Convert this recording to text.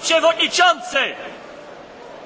przewodniczący!